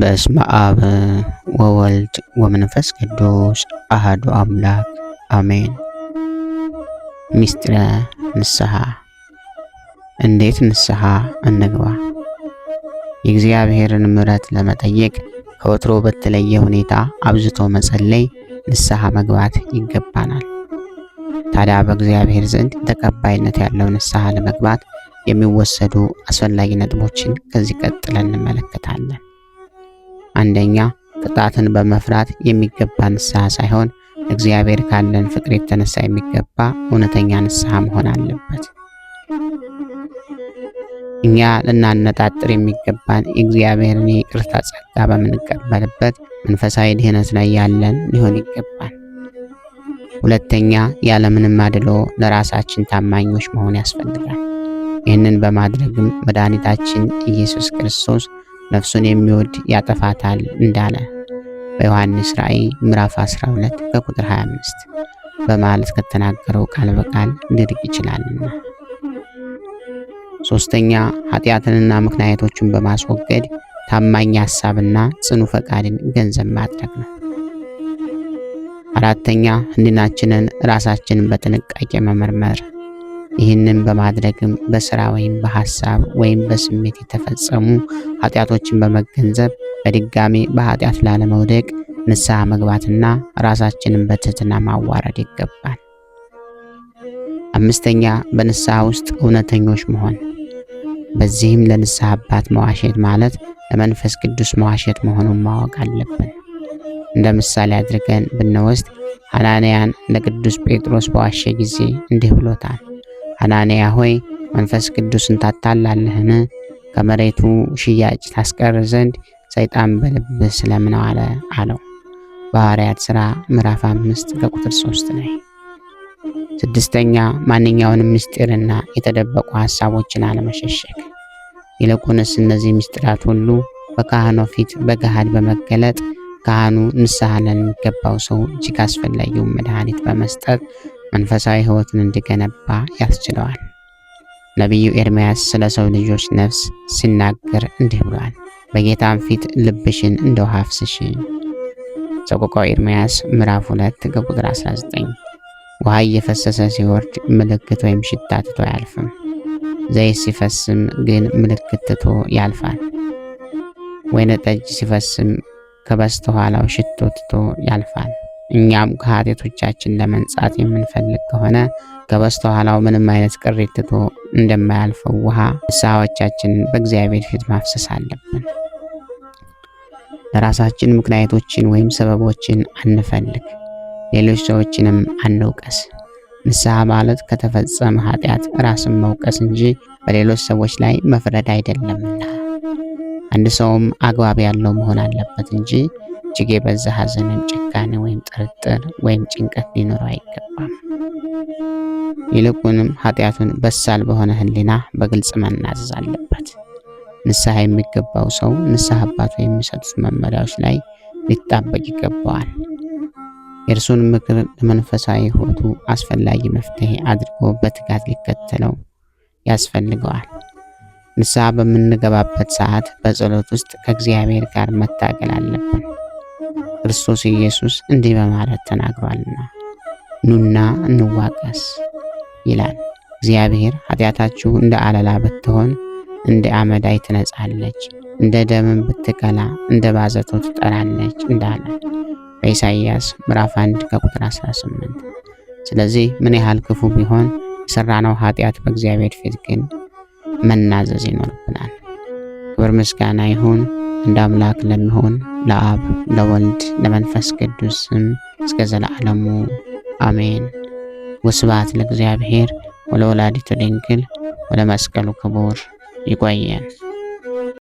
በስመ አብ ወወልድ ወመንፈስ ቅዱስ አህዱ አምላክ አሜን። ሚስጢረ ንስሐ እንዴት ንስሐ እንግባ? የእግዚአብሔርን ምሕረት ለመጠየቅ ከወትሮ በተለየ ሁኔታ አብዝቶ መጸለይ፣ ንስሐ መግባት ይገባናል። ታዲያ በእግዚአብሔር ዘንድ ተቀባይነት ያለው ንስሐ ለመግባት የሚወሰዱ አስፈላጊ ነጥቦችን ከዚህ ቀጥለን እንመለከታለን። አንደኛ ቅጣትን በመፍራት የሚገባ ንስሐ ሳይሆን እግዚአብሔር ካለን ፍቅር የተነሳ የሚገባ እውነተኛ ንስሐ መሆን አለበት። እኛ ልናነጣጥር የሚገባን የእግዚአብሔርን ይቅርታ ጸጋ በምንቀበልበት መንፈሳዊ ድህነት ላይ ያለን ሊሆን ይገባል። ሁለተኛ ያለምንም አድሎ ለራሳችን ታማኞች መሆን ያስፈልጋል። ይህንን በማድረግም መድኃኒታችን ኢየሱስ ክርስቶስ ነፍሱን የሚወድ ያጠፋታል እንዳለ በዮሐንስ ራእይ ምዕራፍ 12 ከቁጥር 25 በማለት ከተናገረው ቃል በቃል ሊርቅ ይችላልና። ሶስተኛ ኃጢአትንና ምክንያቶችን በማስወገድ ታማኝ ሐሳብና ጽኑ ፈቃድን ገንዘብ ማድረግ ነው። አራተኛ ህንድናችንን ራሳችንን በጥንቃቄ መመርመር ይህንን በማድረግም በስራ ወይም በሐሳብ ወይም በስሜት የተፈጸሙ ኃጢአቶችን በመገንዘብ በድጋሜ በኃጢአት ላለመውደቅ ንስሐ መግባትና ራሳችንን በትህትና ማዋረድ ይገባል። አምስተኛ በንስሐ ውስጥ እውነተኞች መሆን። በዚህም ለንስሐ አባት መዋሸት ማለት ለመንፈስ ቅዱስ መዋሸት መሆኑን ማወቅ አለብን። እንደ ምሳሌ አድርገን ብንወስድ ሐናንያን ለቅዱስ ጴጥሮስ በዋሸ ጊዜ እንዲህ ብሎታል። አናንያ ሆይ መንፈስ ቅዱስን ታታላለህን? ከመሬቱ ሽያጭ ታስቀር ዘንድ ሰይጣን በልብ ስለምን አለ አለው። በሐዋርያት ሥራ ምዕራፍ አምስት ከቁጥር ሶስት ላይ። ስድስተኛ ማንኛውንም ምስጢርና የተደበቁ ሐሳቦችን አለመሸሸግ፣ ይልቁንስ እነዚህ ምስጢራት ሁሉ በካህኑ ፊት በገሃድ በመገለጥ ካህኑ ንስሐ ለሚገባው ሰው እጅግ አስፈላጊውን መድኃኒት በመስጠት መንፈሳዊ ሕይወቱን እንዲገነባ ያስችለዋል። ነቢዩ ኤርምያስ ስለ ሰው ልጆች ነፍስ ሲናገር እንዲህ ብሏል፣ በጌታም ፊት ልብሽን እንደ ውሃ አፍስሺ። ሰቆቃወ ኤርምያስ ምዕራፍ 2 ከቁጥር 19። ውሃ እየፈሰሰ ሲወርድ ምልክት ወይም ሽታ ትቶ አያልፍም። ዘይት ሲፈስም ግን ምልክት ትቶ ያልፋል። ወይነ ጠጅ ሲፈስም ከበስተኋላው ሽቶ ትቶ ያልፋል። እኛም ከኃጢአቶቻችን ለመንጻት የምንፈልግ ከሆነ ከበስተኋላው ምንም አይነት ቅሬት ትቶ እንደማያልፈው ውሃ ንስሐዎቻችንን በእግዚአብሔር ፊት ማፍሰስ አለብን። ለራሳችን ምክንያቶችን ወይም ሰበቦችን አንፈልግ፣ ሌሎች ሰዎችንም አንውቀስ። ንስሐ ማለት ከተፈጸመ ኃጢአት ራስን መውቀስ እንጂ በሌሎች ሰዎች ላይ መፍረድ አይደለምና አንድ ሰውም አግባብ ያለው መሆን አለበት እንጂ እጅግ የበዛ ሀዘንን ጭካኔ ወይም ጥርጥር ወይም ጭንቀት ሊኖረው አይገባም። ይልቁንም ኃጢአቱን በሳል በሆነ ህሊና በግልጽ መናዘዝ አለበት። ንስሐ የሚገባው ሰው ንስሐ አባቱ የሚሰጡት መመሪያዎች ላይ ሊጣበቅ ይገባዋል። የእርሱን ምክር ለመንፈሳዊ ህይወቱ አስፈላጊ መፍትሄ አድርጎ በትጋት ሊከተለው ያስፈልገዋል። ንስሐ በምንገባበት ሰዓት በጸሎት ውስጥ ከእግዚአብሔር ጋር መታገል አለብን። ክርስቶስ ኢየሱስ እንዲህ በማለት ተናግሯልና ኑና እንዋቀስ ይላል። እግዚአብሔር ኃጢአታችሁ እንደ አለላ ብትሆን እንደ አመዳይ ትነጻለች፣ እንደ ደምን ብትቀላ እንደ ባዘቶ ትጠራለች እንዳለ በኢሳይያስ ምዕራፍ 1 ከቁጥር 18። ስለዚህ ምን ያህል ክፉ ቢሆን የሰራነው ኃጢአት በእግዚአብሔር ፊት ግን መናዘዝ ይኖርብናል። ክብር ምስጋና ይሁን እንደ አምላክ ለሚሆን ለአብ ለወልድ ለመንፈስ ቅዱስ ስም እስከ ዘለዓለሙ አሜን። ወስብሐት ለእግዚአብሔር ወለወላዲቱ ድንግል ወለመስቀሉ ክቡር። ይቆየን።